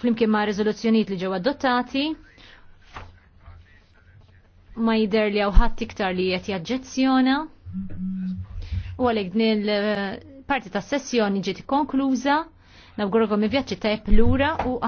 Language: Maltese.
flimkien ma' rezoluzzjoniet li ġew adottati ma jider li ħadd iktar li qed jaġġezzjona. U għalhekk din il-parti eh, tas-sessjoni ġiet konkluża, nawgurkom ivvjaġġi tajjeb lura u